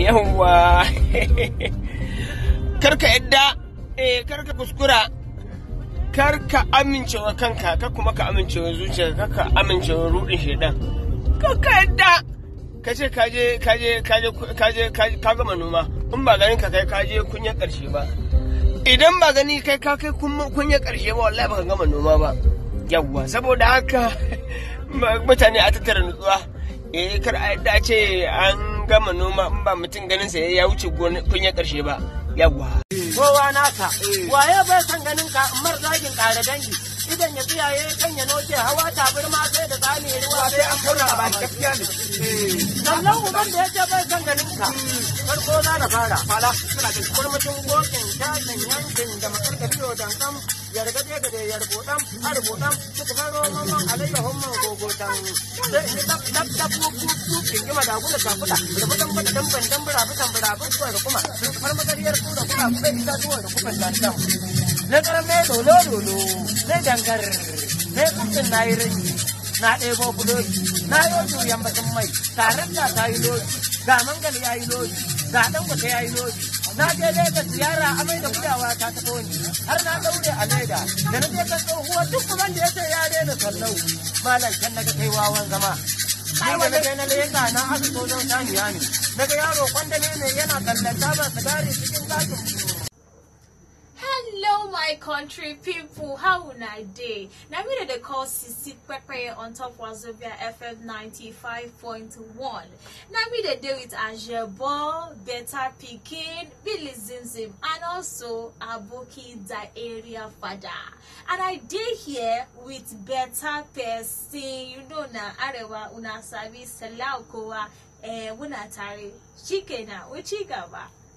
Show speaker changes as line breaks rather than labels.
yawwa karka yadda eh karka kuskura karka amincewa kanka ka kuma ka amincewa zuciya ka amincewa rudin shedan karka yadda ka ce kaje kaje kaje kaje ka gama noma in ba ganin ka kai kaje kunya karshe ba idan ba gani kai ka kai kunya karshe ba wallahi baka gama noma ba yawwa saboda haka mutane a tattara nutsuwa eh kar a yadda ce an gama noma in ba mutum ganin sa ya wuce kun kunya karshe ba yawwa kowa naka
waye bai san ganin ka mar zagin kare dangi idan ya tsiyaye kan ya noke hawa birma sai da tsani ruwa sai an kura ba gaskiya ne sannan uban da ya ce bai san ganin ka farko za na fara fala suna da kurmutin gokin tashin yankin da makar dantam yarga de gade yarbotam arbotam tukfaro mamma alayya homma gogotam sai ni dab dab dab ku ku ku kinga ma da ku da ka kuda da mutum ba dan ban dan bura butan bura bu ku da kuma har magariyar ku da kuma ku da ku da kuma dantam na karame dolo dolo na dangar na kuɗin na yi rai na ɗebo kudoki na yi wasu yambacin mai tarin da ta yi loki ga mangal ya yi lodi ga dangote ya yi lodi na je leda ziyara amai da gudawa ta ta wani har na daure a leda da na je kan tsohuwa duk kuman da ya ce ya daina sallau malam can na ga kai wawan zama
ai wanda kai na leka
na aka so don saniya ne
daga yaro kwandane ne yana kallon tabar sigari cikin gasu country people, how una dey na me dem dey call sisi pepeye on top wazobia fm 95.1 na me dey dey with ajebo beta pikin billy zimzim and also aboki da area fada and i dey here with beta person you know na arewa una sabi salaukowa eh, muna tare shi kenan wuci gaba